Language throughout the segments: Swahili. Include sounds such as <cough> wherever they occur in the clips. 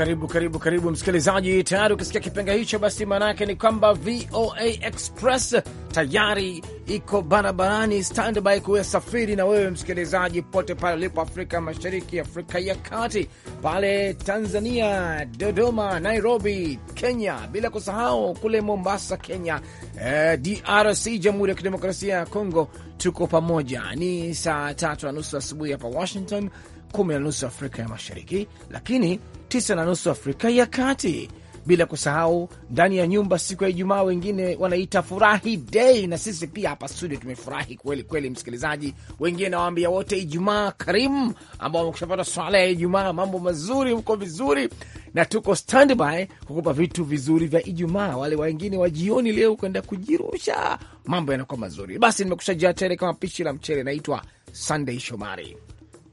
Karibu karibu karibu msikilizaji, tayari ukisikia kipenga hicho, basi maana yake ni kwamba VOA Express tayari iko barabarani standby safiri na wewe msikilizaji, pote pale ulipo, Afrika Mashariki, Afrika ya Kati, pale Tanzania, Dodoma, Nairobi, Kenya, bila kusahau kule Mombasa, Kenya, eh, DRC, Jamhuri ya Kidemokrasia ya Kongo. Tuko pamoja, ni saa tatu na nusu asubuhi hapa Washington kumi na nusu Afrika ya Mashariki, lakini tisa na nusu Afrika ya Kati, bila kusahau ndani ya nyumba siku ya Ijumaa, wengine wanaita furahi dei, na sisi pia hapa studio tumefurahi kweli kweli. Msikilizaji, wengine nawaambia wote Ijumaa karimu, ambao wamekushapata swala ya Ijumaa, mambo mazuri huko vizuri, na tuko standby kukupa vitu vizuri vya Ijumaa. Wale wengine wa jioni leo kwenda kujirusha, mambo yanakuwa mazuri. Basi nimekushajaa tele kama pishi la mchele. Naitwa Sunday Shomari.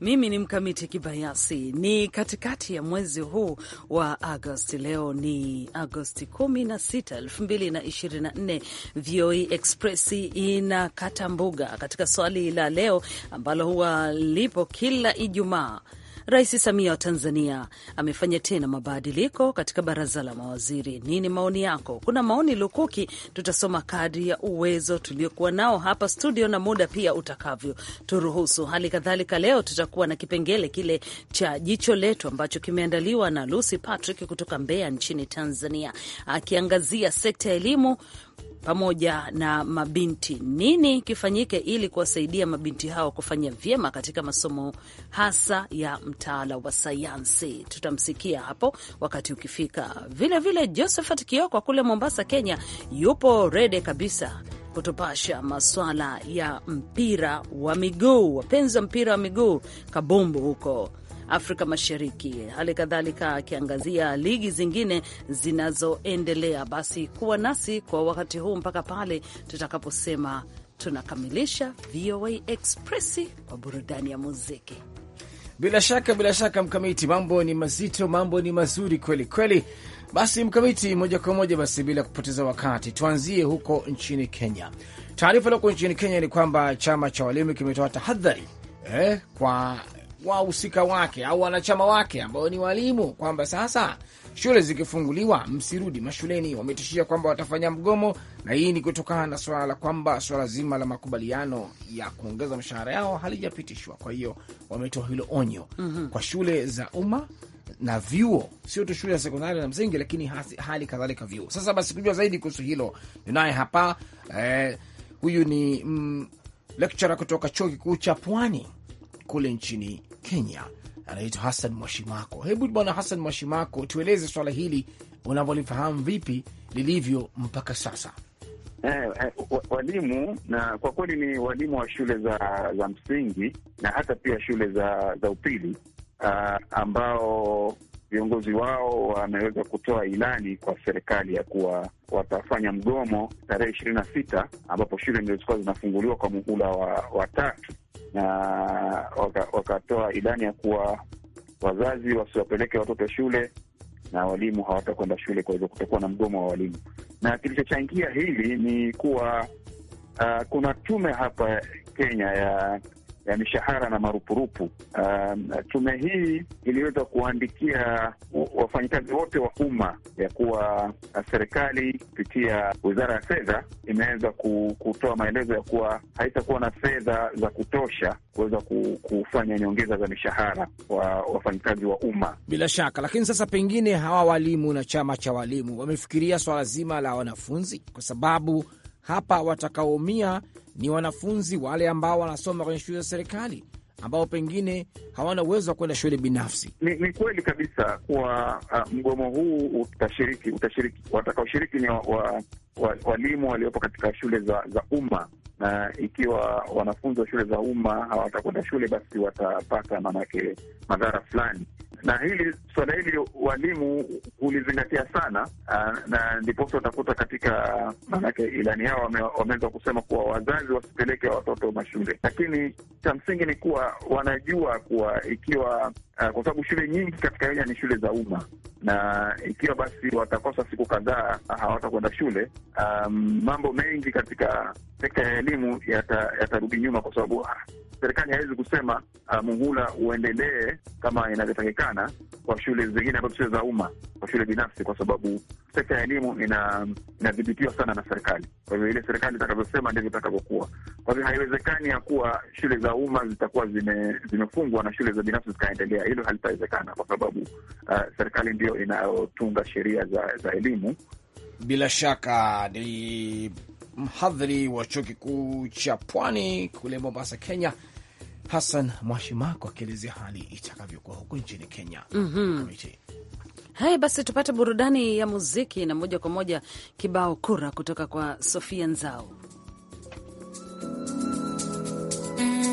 Mimi ni Mkamiti Kibayasi. Ni katikati ya mwezi huu wa Agosti. Leo ni Agosti 16, 2024. VOA Express inakata mbuga katika swali la leo ambalo huwa lipo kila Ijumaa Rais Samia wa Tanzania amefanya tena mabadiliko katika baraza la mawaziri. Nini maoni yako? Kuna maoni lukuki, tutasoma kadri ya uwezo tuliokuwa nao hapa studio na muda pia utakavyo turuhusu. Hali kadhalika leo tutakuwa na kipengele kile cha jicho letu ambacho kimeandaliwa na Lucy Patrick kutoka Mbeya nchini Tanzania, akiangazia sekta ya elimu pamoja na mabinti. Nini kifanyike ili kuwasaidia mabinti hao kufanya vyema katika masomo hasa ya mtaala wa sayansi? Tutamsikia hapo wakati ukifika. Vilevile Josephat Kioko kule Mombasa, Kenya, yupo rede kabisa kutupasha maswala ya mpira wa miguu, wapenzi wa mpira wa miguu kabumbu huko Afrika Mashariki, hali kadhalika akiangazia ligi zingine zinazoendelea. Basi kuwa nasi kwa wakati huu mpaka pale tutakaposema tunakamilisha VOA Express kwa burudani ya muziki. Bila shaka, bila shaka, Mkamiti, mambo ni mazito, mambo ni mazuri kweli kweli. Basi Mkamiti, moja kwa moja basi, bila kupoteza wakati, tuanzie huko nchini Kenya. Taarifa iliyoko nchini Kenya ni kwamba chama cha walimu kimetoa tahadhari eh, kwa wahusika wake au wanachama wake ambao ni walimu kwamba sasa shule zikifunguliwa msirudi mashuleni. Wametishia kwamba watafanya mgomo, na hii ni kutokana na swala la kwamba swala zima la makubaliano ya kuongeza mishahara yao halijapitishwa. Kwa hiyo wametoa hilo onyo mm -hmm. kwa shule za umma na vyuo, sio tu shule ya sekondari na msingi, lakini hasi, hali kadhalika vyuo. Sasa basi, kujua zaidi kuhusu hilo ninaye hapa eh, huyu ni mm, lecturer kutoka chuo kikuu cha Pwani kule nchini Kenya, anaitwa Hassan Mwashimako. Hebu bwana Hassan Mwashimako, tueleze swala hili unavyolifahamu vipi lilivyo mpaka sasa? Eh, eh, walimu na kwa kweli ni walimu wa shule za za msingi na hata pia shule za za upili uh, ambao viongozi wao wameweza kutoa ilani kwa serikali ya kuwa watafanya mgomo tarehe ishirini na sita ambapo shule ndio zilikuwa zinafunguliwa kwa muhula wa tatu na wakatoa waka idani ya kuwa wazazi wasiwapeleke watoto shule na walimu hawatakwenda shule, kwa hivyo kutakuwa na mgomo wa walimu. Na kilichochangia hili ni kuwa uh, kuna tume hapa Kenya ya ya mishahara na marupurupu. Um, tume hii iliweza kuwaandikia wafanyakazi wote wa umma ya kuwa serikali kupitia wizara ya fedha imeweza kutoa maelezo ya kuwa haitakuwa na fedha za kutosha kuweza kufanya nyongeza za mishahara kwa wafanyakazi wa umma bila shaka. Lakini sasa pengine hawa walimu na chama cha walimu wamefikiria swala zima la wanafunzi, kwa sababu hapa watakaoumia ni wanafunzi wale ambao wanasoma kwenye shule za serikali ambao pengine hawana uwezo wa kwenda shule binafsi. Ni, ni kweli kabisa kuwa uh, mgomo huu utashiriki utashiriki, watakaoshiriki ni walimu wa, wa, waliopo katika shule za, za umma na ikiwa wanafunzi wa shule za umma hawatakwenda shule, basi watapata maanake madhara fulani na hili suala hili walimu hulizingatia sana, ah, na ndiposa utakuta katika maanake ilani yao wameweza wame kusema kuwa wazazi wasipeleke watoto mashule, lakini cha msingi ni kuwa wanajua kuwa ikiwa uh, kwa sababu shule nyingi katika Kenya ni shule za umma, na ikiwa basi watakosa siku kadhaa ah, hawatakwenda shule, um, mambo mengi katika sekta ya elimu yatarudi yata nyuma kwa sababu serikali haiwezi kusema uh, muhula uendelee kama inavyotakikana kwa shule zingine ambazo sio za umma, kwa shule binafsi, kwa sababu sekta ya elimu inadhibitiwa ina sana na serikali. Kwa hivyo ile serikali itakavyosema ndivyo itakavyokuwa. Kwa hivyo haiwezekani ya kuwa shule za umma zitakuwa zimefungwa na shule za binafsi zikaendelea. Hilo halitawezekana kwa sababu uh, serikali ndiyo inayotunga sheria za, za elimu. Bila shaka ni mhadhiri wa chuo kikuu cha Pwani kule Mombasa, Kenya, Hassan Mwashimako akielezea hali itakavyokuwa huko nchini Kenya. mm -hmm. Haya basi, tupate burudani ya muziki na moja kwa moja kibao kura kutoka kwa Sofia Nzao. Mm.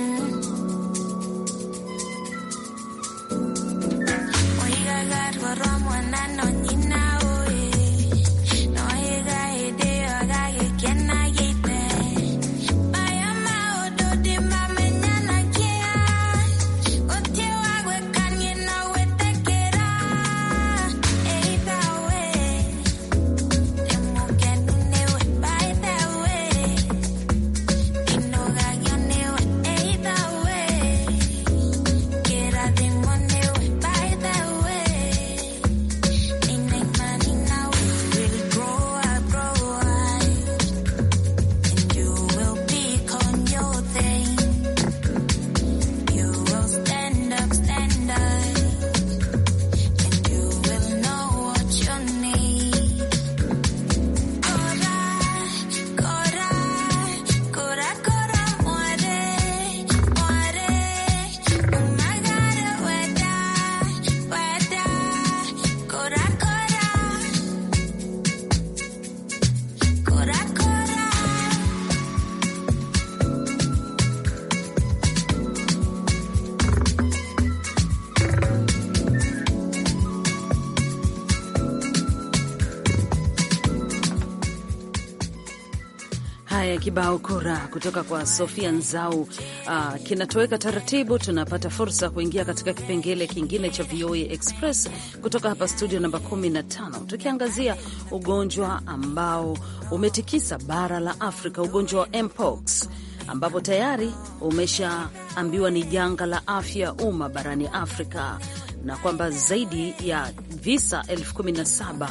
kibao kura kutoka kwa Sofia Nzau uh, kinatoweka taratibu. Tunapata fursa ya kuingia katika kipengele kingine cha VOA Express kutoka hapa studio namba 15, tukiangazia ugonjwa ambao umetikisa bara la Afrika, ugonjwa wa mpox ambapo tayari umeshaambiwa ni janga la afya umma barani Afrika na kwamba zaidi ya visa elfu 17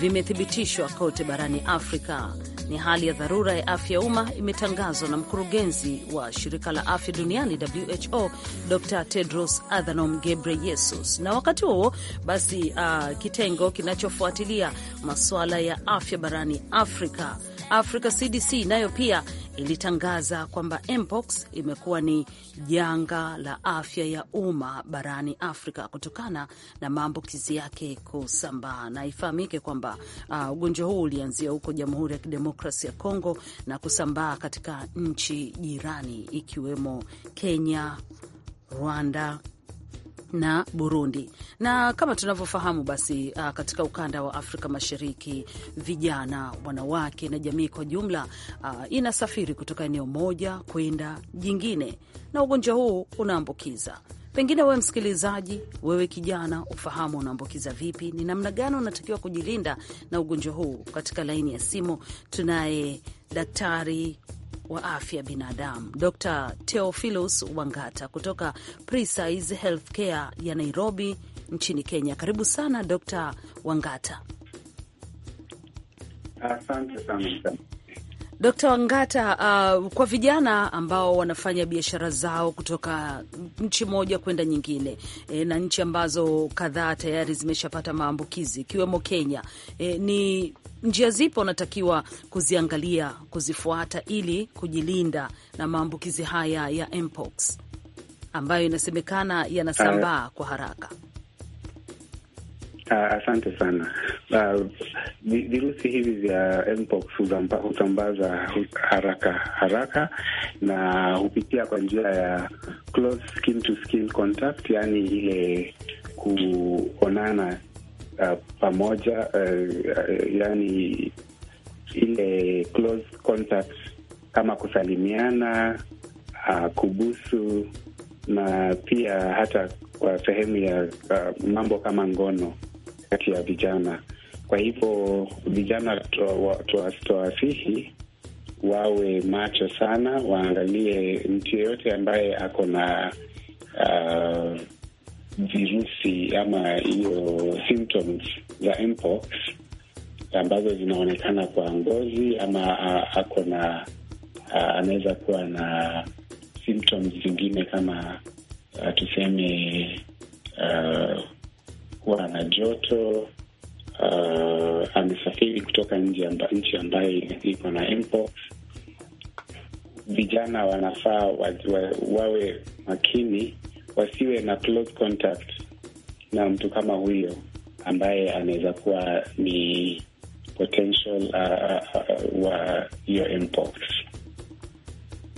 vimethibitishwa kote barani Afrika ni hali ya dharura ya afya ya umma imetangazwa na mkurugenzi wa shirika la afya duniani WHO Dr Tedros Adhanom Ghebreyesus. Na wakati huo basi, uh, kitengo kinachofuatilia masuala ya afya barani Afrika Africa CDC nayo pia ilitangaza kwamba mpox imekuwa ni janga la afya ya umma barani Afrika kutokana na maambukizi yake kusambaa. Na ifahamike kwamba uh, ugonjwa huu ulianzia huko Jamhuri ya Kidemokrasi ya Kongo na kusambaa katika nchi jirani ikiwemo Kenya, Rwanda, na Burundi. Na kama tunavyofahamu basi, uh, katika ukanda wa Afrika Mashariki, vijana, wanawake na jamii kwa jumla uh, inasafiri kutoka eneo moja kwenda jingine, na ugonjwa huu unaambukiza. Pengine wewe msikilizaji, wewe kijana, ufahamu unaambukiza vipi, ni namna gani unatakiwa kujilinda na ugonjwa huu. Katika laini ya simu tunaye daktari wa afya binadamu Dr Theophilus Wangata kutoka Precise Healthcare ya Nairobi nchini Kenya. Karibu sana Dr Wangata. Asante sana. Dkt. Wangata, uh, kwa vijana ambao wanafanya biashara zao kutoka nchi moja kwenda nyingine e, na nchi ambazo kadhaa tayari zimeshapata maambukizi ikiwemo Kenya e, ni njia zipo wanatakiwa kuziangalia kuzifuata ili kujilinda na maambukizi haya ya mpox ambayo inasemekana yanasambaa kwa haraka? Ah, asante sana. Uh, virusi hivi vya mpox husambaza haraka haraka na hupitia kwa njia ya close skin to skin contact, yaani ile kuonana uh, pamoja uh, yaani ile close contact kama kusalimiana, uh, kubusu na pia hata kwa sehemu ya uh, mambo kama ngono kati ya vijana. Kwa hivyo vijana tuwasihi wawe macho sana, waangalie mtu yeyote ambaye ako na uh, virusi ama hiyo symptoms za mpox ambazo zinaonekana kwa ngozi ama ako na anaweza kuwa na symptoms zingine kama a, uh, tuseme a, uh, kuwa na joto. Uh, amesafiri kutoka nchi amba, ambayo iko na mpo. Vijana wanafaa wa, wa, wawe makini wasiwe na close contact na mtu kama huyo ambaye anaweza kuwa ni potential uh, uh, uh wa hiyo mpox.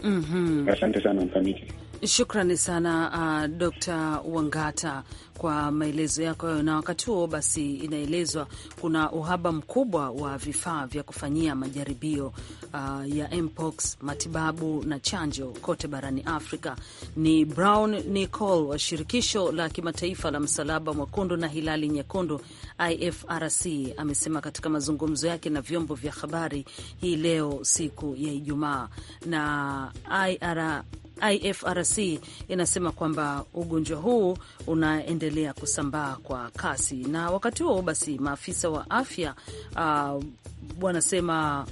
Mm -hmm. Asante sana mkamiti. Shukrani sana uh, Dr. Wangata kwa maelezo yako hayo. Na wakati huo basi, inaelezwa kuna uhaba mkubwa wa vifaa vya kufanyia majaribio uh, ya mpox, matibabu na chanjo kote barani Afrika. Ni Brown Nicol wa shirikisho la kimataifa la Msalaba Mwekundu na Hilali Nyekundu IFRC amesema katika mazungumzo yake na vyombo vya habari hii leo siku ya Ijumaa na IFRC inasema kwamba ugonjwa huu unaendelea kusambaa kwa kasi, na wakati huo basi maafisa wa afya uh, wanasema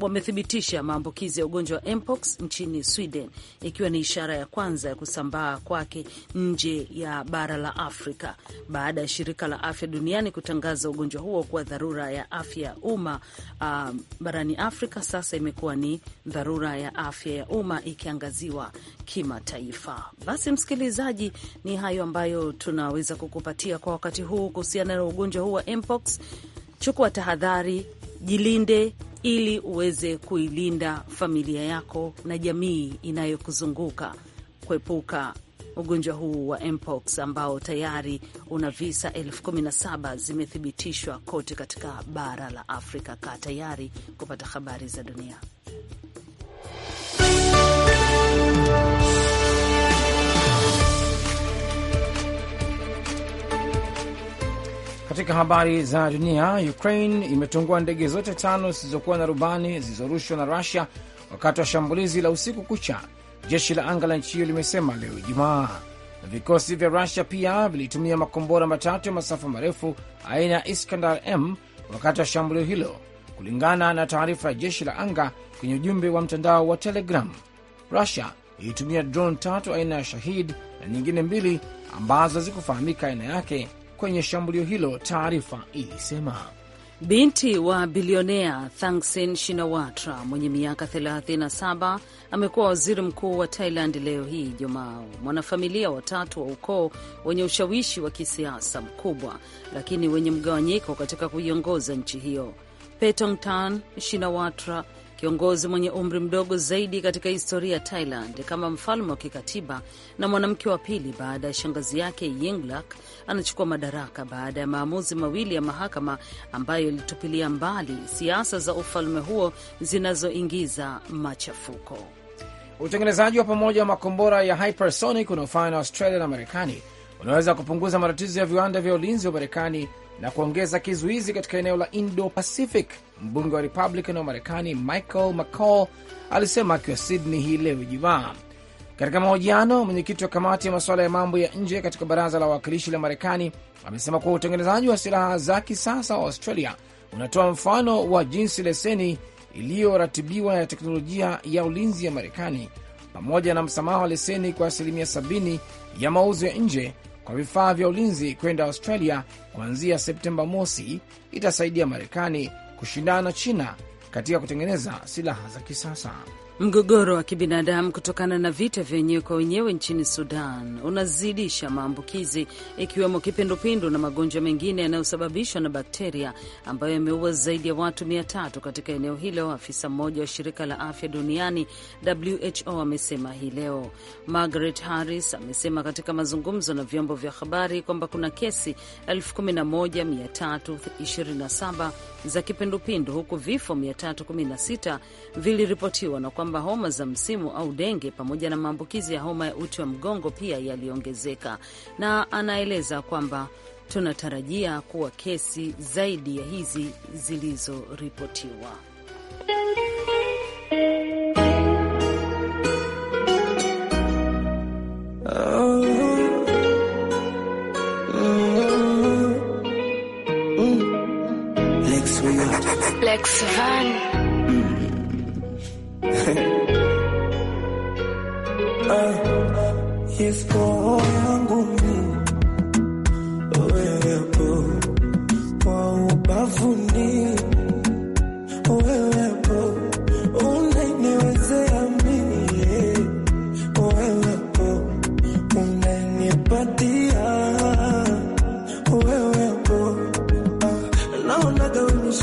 wamethibitisha maambukizi ya ugonjwa wa mpox nchini Sweden, ikiwa ni ishara ya kwanza ya kusambaa kwake nje ya bara la Afrika baada ya shirika la afya duniani kutangaza ugonjwa huo kuwa dharura ya afya ya umma uh, barani Afrika. Sasa imekuwa ni dharura ya afya ya umma ikiangaziwa kimataifa. Basi msikilizaji, ni hayo ambayo tunaweza kukupatia kwa wakati huu kuhusiana na ugonjwa huu wa mpox. Chukua tahadhari, jilinde ili uweze kuilinda familia yako na jamii inayokuzunguka kuepuka ugonjwa huu wa mpox ambao tayari una visa elfu kumi na saba zimethibitishwa kote katika bara la Afrika. Kaa tayari kupata habari za dunia. Katika habari za dunia, Ukraine imetungua ndege zote tano zisizokuwa na rubani zilizorushwa na Rusia wakati wa shambulizi la usiku kucha, jeshi la anga la nchi hiyo limesema leo Ijumaa. Na vikosi vya Rusia pia vilitumia makombora matatu ya masafa marefu aina ya Iskandar M wakati wa shambulio hilo, kulingana na taarifa ya jeshi la anga kwenye ujumbe wa mtandao wa Telegram. Rusia ilitumia drone tatu aina ya Shahid na nyingine mbili ambazo hazikufahamika aina yake kwenye shambulio hilo, taarifa ilisema. Binti wa bilionea Thaksin Shinawatra mwenye miaka 37 amekuwa waziri mkuu wa Thailand leo hii Jumaa. mwanafamilia watatu wa ukoo wenye ushawishi wa kisiasa mkubwa, lakini wenye mgawanyiko katika kuiongoza nchi hiyo. Paetongtarn Shinawatra kiongozi mwenye umri mdogo zaidi katika historia ya Thailand kama mfalme wa kikatiba na mwanamke wa pili baada ya shangazi yake Yingluck, anachukua madaraka baada ya maamuzi mawili ya mahakama ambayo ilitupilia mbali siasa za ufalme huo zinazoingiza machafuko. Utengenezaji wa pamoja wa makombora ya hypersonic unaofanywa na Australia na Marekani unaweza kupunguza matatizo ya viwanda vya ulinzi wa Marekani na kuongeza kizuizi katika eneo la Indo-Pacific. Mbunge wa Republican wa Marekani Michael McCall alisema akiwa Sydney hii leo Ijumaa. Katika mahojiano, mwenyekiti wa kamati ya masuala ya mambo ya nje katika baraza la wawakilishi la Marekani amesema kuwa utengenezaji wa silaha za kisasa wa Australia unatoa mfano wa jinsi leseni iliyoratibiwa ya teknolojia ya ulinzi ya Marekani pamoja na msamaha wa leseni kwa asilimia 70 ya mauzo ya nje kwa vifaa vya ulinzi kwenda Australia kuanzia Septemba mosi itasaidia Marekani kushindana na China katika kutengeneza silaha za kisasa. Mgogoro wa kibinadamu kutokana na vita vya wenyewe kwa wenyewe nchini Sudan unazidisha maambukizi ikiwemo kipindupindu na magonjwa mengine yanayosababishwa na bakteria ambayo yameua zaidi ya watu mia tatu katika eneo hilo, afisa mmoja wa shirika la afya duniani WHO amesema hii leo. Margaret Harris amesema katika mazungumzo na vyombo vya habari kwamba kuna kesi 11327 za kipindupindu huku vifo 316 viliripotiwa na kwamba kwamba homa za msimu au denge pamoja na maambukizi ya homa ya uti wa mgongo pia yaliongezeka, na anaeleza kwamba tunatarajia kuwa kesi zaidi ya hizi zilizoripotiwa. oh. Van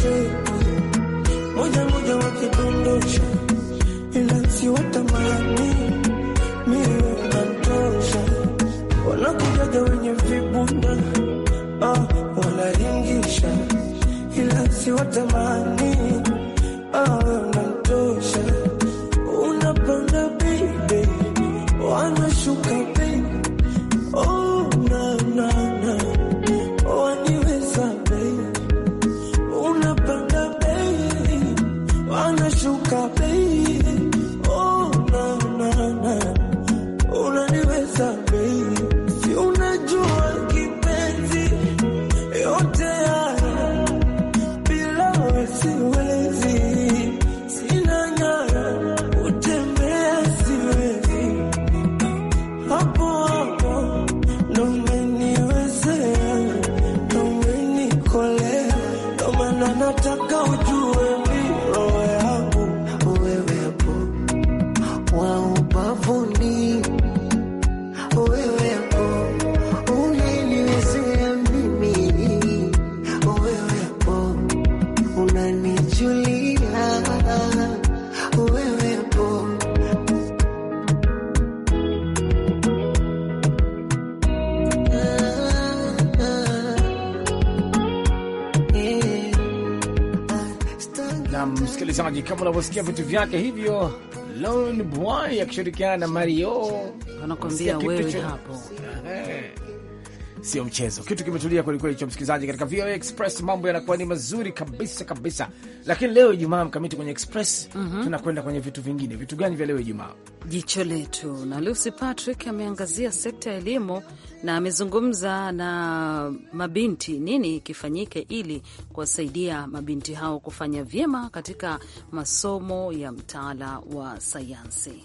Ah, moja moja wakidondosha, ila siwatamani mimi wanakujaga wenye vibunda oh, ah, wanaringisha ila siwatamani oh, ah, nataka ujue kama unavyosikia vitu vyake hivyo, Lone Boy akishirikiana na Mario, wanakwambia wewe hapo sio mchezo. Kitu kimetulia kwelikweli cha msikilizaji katika VOA Express, mambo yanakuwa ni mazuri kabisa kabisa. Lakini leo Ijumaa mkamiti kwenye Express mm -hmm. tunakwenda kwenye vitu vingine. Vitu gani vya leo Ijumaa? Jicho letu na Lucy Patrick ameangazia sekta ya elimu na amezungumza na mabinti, nini kifanyike ili kuwasaidia mabinti hao kufanya vyema katika masomo ya mtaala wa sayansi.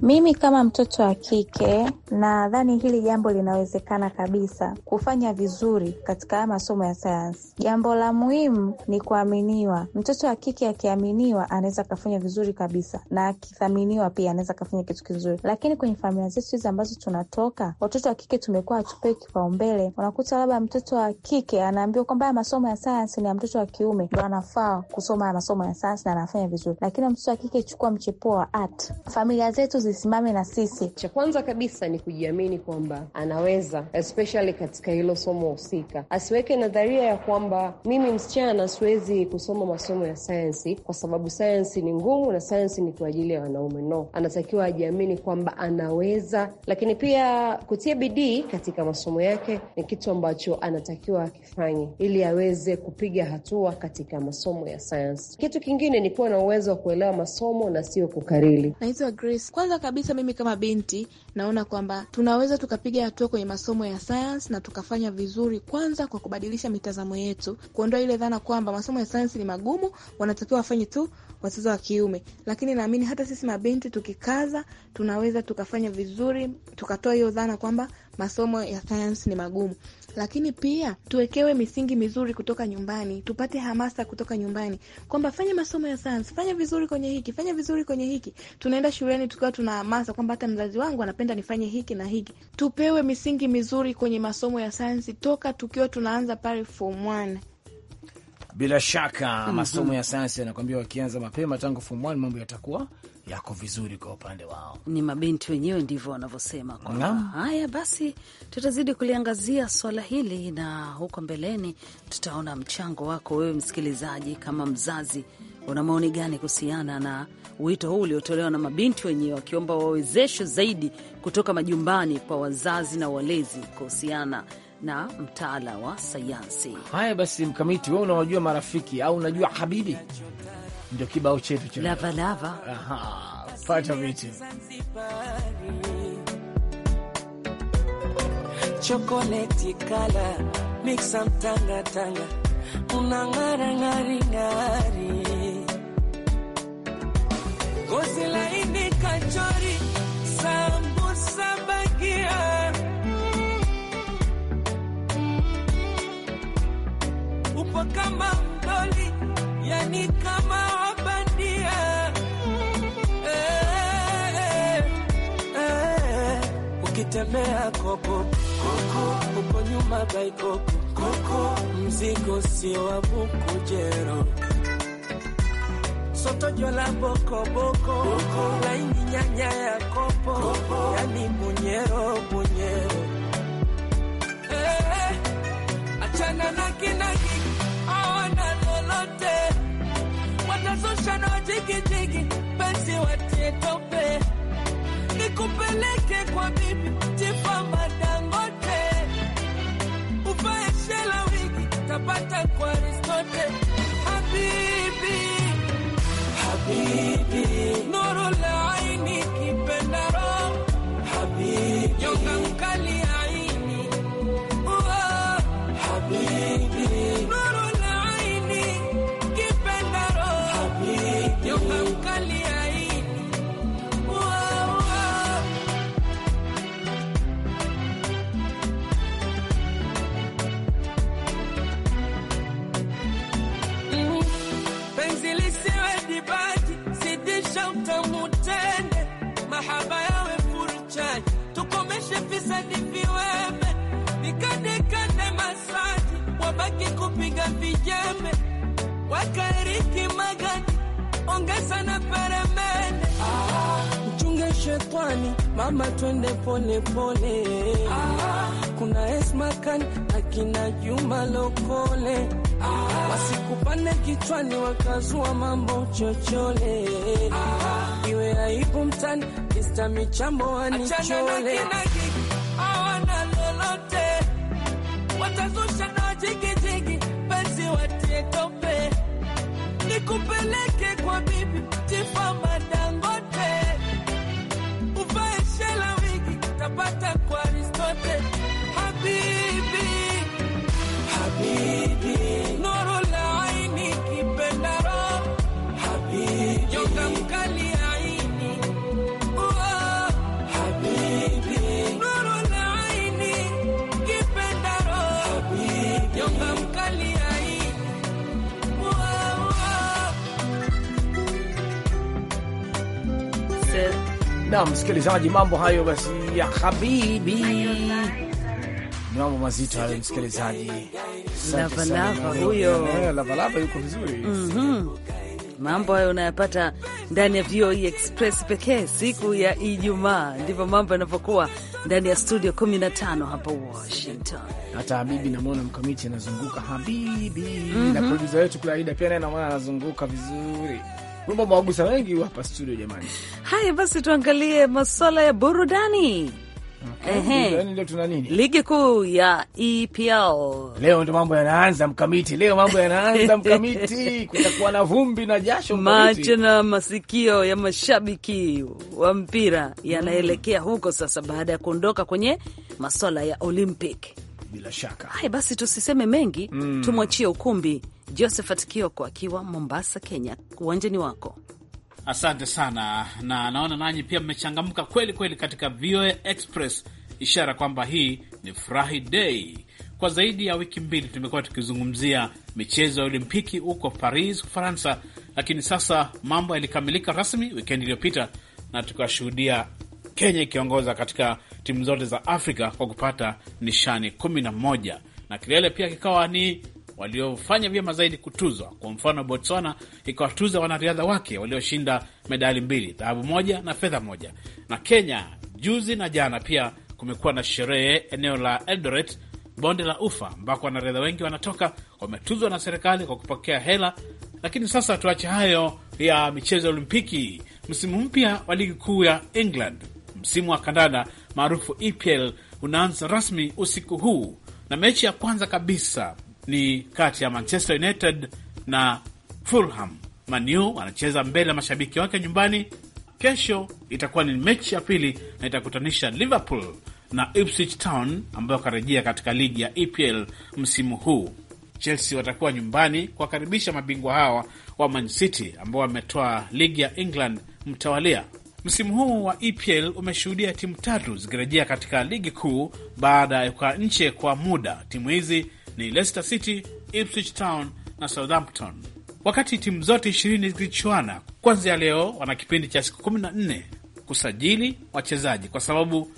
Mimi kama mtoto wa kike nadhani hili jambo linawezekana kabisa, kufanya vizuri katika haya masomo ya sayansi. Jambo la muhimu ni kuaminiwa. Mtoto wa kike akiaminiwa, anaweza akafanya vizuri kabisa, na akithaminiwa pia anaweza akafanya kitu kizuri. Lakini kwenye familia zetu hizi ambazo tunatoka, watoto wa kike tumekuwa hatupewi kipaumbele. Unakuta labda mtoto wa kike anaambiwa kwamba haya masomo ya sayansi ni ya mtoto wa kiume, ndo anafaa kusoma haya masomo ya sayansi na anafanya vizuri, lakini mtoto wa kike chukua mchepuo wa art. Familia zetu zisimame na sisi. Cha kwanza kabisa ni kujiamini kwamba anaweza, especially katika hilo somo husika. Asiweke nadharia ya kwamba mimi msichana siwezi kusoma masomo ya sayansi kwa sababu sayansi ni ngumu na sayansi ni kwa ajili ya wanaume. No, anatakiwa ajiamini kwamba anaweza, lakini pia kutia bidii katika masomo yake ni kitu ambacho anatakiwa akifanye ili aweze kupiga hatua katika masomo ya sayansi. Kitu kingine ni kuwa na uwezo wa kuelewa masomo na sio kukarili Naitwa Grace. Kwanza kwanza kabisa mimi kama binti naona kwamba tunaweza tukapiga hatua kwenye masomo ya sayansi na tukafanya vizuri, kwanza kwa kubadilisha mitazamo yetu, kuondoa ile dhana kwamba masomo ya sayansi ni magumu, wanatakiwa wafanye tu watoto wa kiume. Lakini naamini hata sisi mabinti tukikaza, tunaweza tukafanya vizuri, tukatoa hiyo dhana kwamba masomo ya sayansi ni magumu lakini pia tuwekewe misingi mizuri kutoka nyumbani, tupate hamasa kutoka nyumbani kwamba fanya masomo ya sayansi, fanya vizuri kwenye hiki, fanya vizuri kwenye hiki. Tunaenda shuleni tukiwa tuna hamasa kwamba hata mzazi wangu anapenda nifanye hiki na hiki. Tupewe misingi mizuri kwenye masomo ya sayansi toka tukiwa tunaanza pale form one. Bila shaka mhm. masomo mm -hmm. ya sayansi yanakwambia wakianza mapema tangu form one mambo yatakuwa yako vizuri kwa upande wao. Ni mabinti wenyewe ndivyo wanavyosema. Haya basi, tutazidi kuliangazia swala hili na huko mbeleni tutaona mchango wako wewe, msikilizaji, kama mzazi, una maoni gani kuhusiana na wito huu uliotolewa na mabinti wenyewe wakiomba wawezeshwe zaidi kutoka majumbani kwa wazazi na walezi kuhusiana na mtaala wa sayansi. Haya basi, Mkamiti, we unawajua marafiki au unajua Habibi? Ndio kibao chetu cha Aha, pata vitu chokoleti kala miksa mtangatanga unang'ara ng'ari ng'ari laini kachori sambusa bagia yupo kama mdoli, yani kama wabandia. Eh, eh, eh, ukitembea koko koko, uko nyuma baikoko koko, mzigo sio wa mukujero sotojo la bokoboko laini nyanya ya kopo boko, yani bunyero bunyero eh, achana na kinaki Unanizusha na jigijigi, basi watie tope, nikupeleke kwa bibi tifa Dangote, uvae shela wigi, tapata kwa Mr. Michambo anichole awana lolote, watazusha na jigijigi, penzi watie tope, nikupeleke kwa bibi Tifa mada na msikilizaji, mambo hayo basi ya habibi, ni mambo mazito hayo, msikilizaji. Lavalava huyo, Lavalava eh, yuko vizuri. Mhm. Mambo hayo unayapata ndani ya VOE Express pekee siku ya Ijumaa. Ndivyo mambo yanavyokuwa ndani ya studio 15 hapa Washington. Hata Habibi namwona mkamiti anazunguka Habibi mm -hmm. na mhm. produsa wetu Klaida pia naye namwona anazunguka vizuri mambo mawagusa wengi hapa studio jamani. Haya basi, tuangalie masuala ya burudani. tuna nini? Ligi kuu ya EPL. Leo ndo mambo yanaanza mkamiti, leo mambo yanaanza <laughs> mkamiti, kutakuwa na vumbi na jasho Macho na masikio ya mashabiki wa mpira yanaelekea mm. huko sasa, baada ya kuondoka kwenye masuala ya Olympic bila shaka. Hai, basi tusiseme mengi mm. Tumwachie ukumbi Josephat Kioko akiwa Mombasa, Kenya. Uwanjani wako. Asante sana, na naona nanyi pia mmechangamka kweli kweli katika VOA Express, ishara kwamba hii ni furahi dei. Kwa zaidi ya wiki mbili tumekuwa tukizungumzia michezo ya Olimpiki huko Paris, Ufaransa, lakini sasa mambo yalikamilika rasmi wikendi iliyopita na tukashuhudia Kenya ikiongoza katika timu zote za Afrika kwa kupata nishani 11 na na kilele pia kikawa ni waliofanya vyema zaidi kutuzwa. Kwa mfano, Botswana ikawatuza wanariadha wake walioshinda medali mbili, dhahabu moja na fedha moja. Na Kenya juzi na jana pia kumekuwa na sherehe eneo la Eldoret, bonde la ufa, ambako wanariadha wengi wanatoka, wametuzwa na serikali kwa kupokea hela. Lakini sasa tuache hayo ya michezo ya Olimpiki. Msimu mpya wa ligi kuu ya England, msimu wa kandanda maarufu EPL unaanza rasmi usiku huu, na mechi ya kwanza kabisa ni kati ya Manchester United na Fulham. Manu anacheza mbele ya mashabiki wake nyumbani. Kesho itakuwa ni mechi ya pili na itakutanisha Liverpool na Ipswich Town ambayo akarejea katika ligi ya EPL msimu huu. Chelsea watakuwa nyumbani kuwakaribisha mabingwa hawa wa Man City ambao wametoa ligi ya England mtawalia. Msimu huu wa EPL umeshuhudia timu tatu zikirejea katika ligi kuu baada ya kukaa nche kwa muda. Timu hizi ni Leicester City, Ipswich Town na Southampton. Wakati timu zote ishirini zikichuana ya leo, wana kipindi cha siku 14 kusajili wachezaji kwa sababu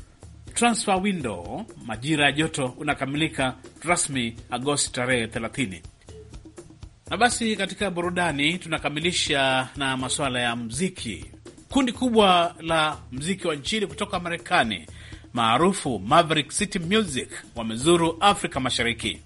transfer window, majira ya joto, unakamilika rasmi Agosti tarehe 30. Na basi katika burudani tunakamilisha na masuala ya mziki kundi kubwa la mziki wa nchini kutoka Marekani maarufu Maverick City Music wamezuru Afrika Mashariki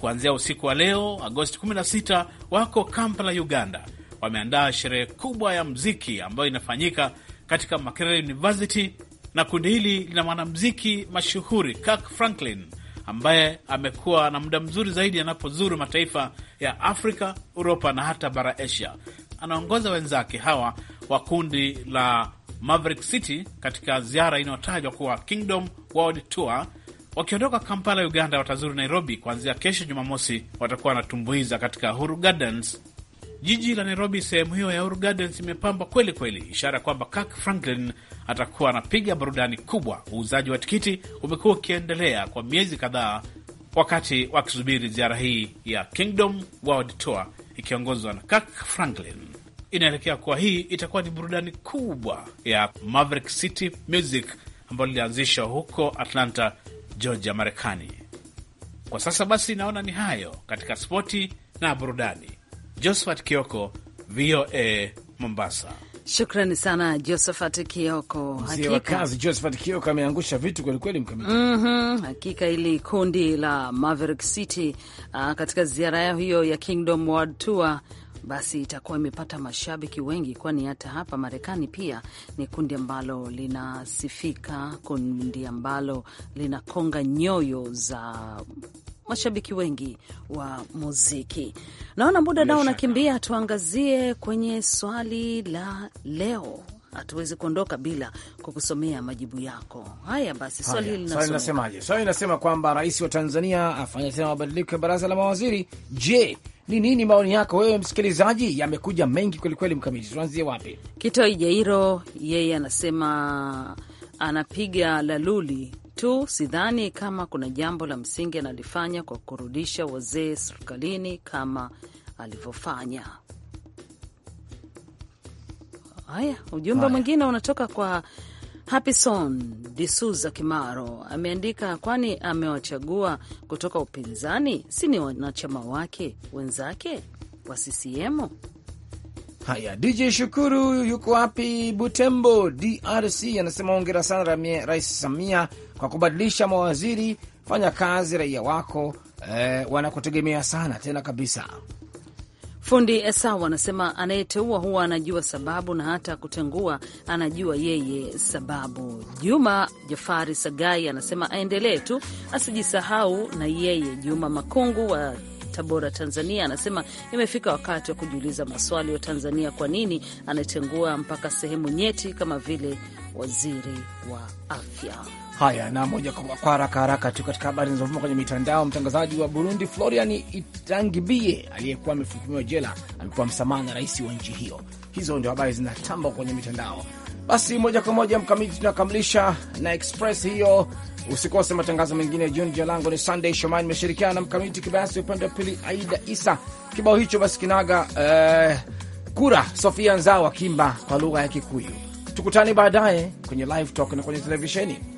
kuanzia usiku wa leo Agosti 16, wako Kampala, Uganda. Wameandaa sherehe kubwa ya mziki ambayo inafanyika katika Makerere University, na kundi hili lina mwanamziki mashuhuri Kirk Franklin ambaye amekuwa na muda mzuri zaidi anapozuru mataifa ya Afrika, Uropa na hata bara Asia. Anaongoza wenzake hawa wa kundi la Maverick City katika ziara inayotajwa kuwa Kingdom World Tour. Wakiondoka Kampala, Uganda, watazuru Nairobi kuanzia kesho Jumamosi. Watakuwa wanatumbuiza katika Uhuru Gardens, jiji la Nairobi. Sehemu hiyo ya Uhuru Gardens imepambwa kweli kweli, ishara ya kwamba Kirk Franklin atakuwa anapiga burudani kubwa. Uuzaji wa tikiti umekuwa ukiendelea kwa miezi kadhaa, wakati wakisubiri ziara hii ya Kingdom World Tour ikiongozwa na Kirk Franklin inaelekea kuwa hii itakuwa ni burudani kubwa ya Maverick City Music ambayo lilianzishwa huko Atlanta, Georgia, Marekani. Kwa sasa basi, naona ni hayo katika spoti na burudani. Josephat Kioko, VOA Mombasa. Shukrani sana Josephat Kioko. Mzee wa kazi Josephat Kioko ameangusha vitu kwelikweli, mkamiti. mm -hmm. Hakika ili kundi la Maverick City uh, katika ziara yao hiyo ya Kingdom World Tour basi itakuwa imepata mashabiki wengi, kwani hata hapa Marekani pia ni kundi ambalo linasifika, kundi ambalo linakonga nyoyo za mashabiki wengi wa muziki. Naona muda nao unakimbia, tuangazie kwenye swali la leo. Hatuwezi kuondoka bila kukusomea majibu yako. Haya basi, swali hili linasemaje? Swali linasema kwamba rais wa Tanzania afanya tena mabadiliko ya baraza la mawaziri. Je, ni nini maoni yako wewe msikilizaji? Yamekuja mengi kwelikweli. Mkamiti, tuanzie wapi? Kitoi Jairo yeye anasema anapiga laluli tu, sidhani kama kuna jambo la msingi analifanya kwa kurudisha wazee serikalini kama alivyofanya. Haya, ujumbe mwingine unatoka kwa Hapison Disuza Kimaro ameandika, kwani amewachagua kutoka upinzani? Si ni wanachama wake wenzake wa CCM? Haya, DJ Shukuru yuko wapi? Butembo, DRC, anasema ongera sana Ramie, Rais Samia kwa kubadilisha mawaziri. Fanya kazi raia wako eh, wanakutegemea sana tena kabisa. Fundi Esau anasema anayeteua huwa anajua sababu na hata kutengua anajua yeye sababu. Juma Jafari Sagai anasema aendelee tu, asijisahau na yeye. Juma Makungu wa Tabora, Tanzania anasema imefika wakati wa kujiuliza maswali wa Tanzania, kwa nini anatengua mpaka sehemu nyeti kama vile waziri wa afya. Haya, na moja kwa haraka haraka tu katika habari zinazovuma kwenye mitandao, mtangazaji wa Burundi Florian Itangibie aliyekuwa amefukumiwa jela amekuwa msamaha na rais wa nchi hiyo. Hizo ndio habari zinatamba kwenye mitandao. Basi moja kwa moja mkamiti, tunakamilisha na express hiyo. Usikose matangazo mengine jioni. Jina langu ni Sunday Shomani, nimeshirikiana na mkamiti kibayasi, upande wa pili Aida Isa. Kibao hicho basi kinaga eh, kura Sofia Nzao akimba kwa lugha ya Kikuyu. Tukutane baadaye kwenye live talk na kwenye televisheni.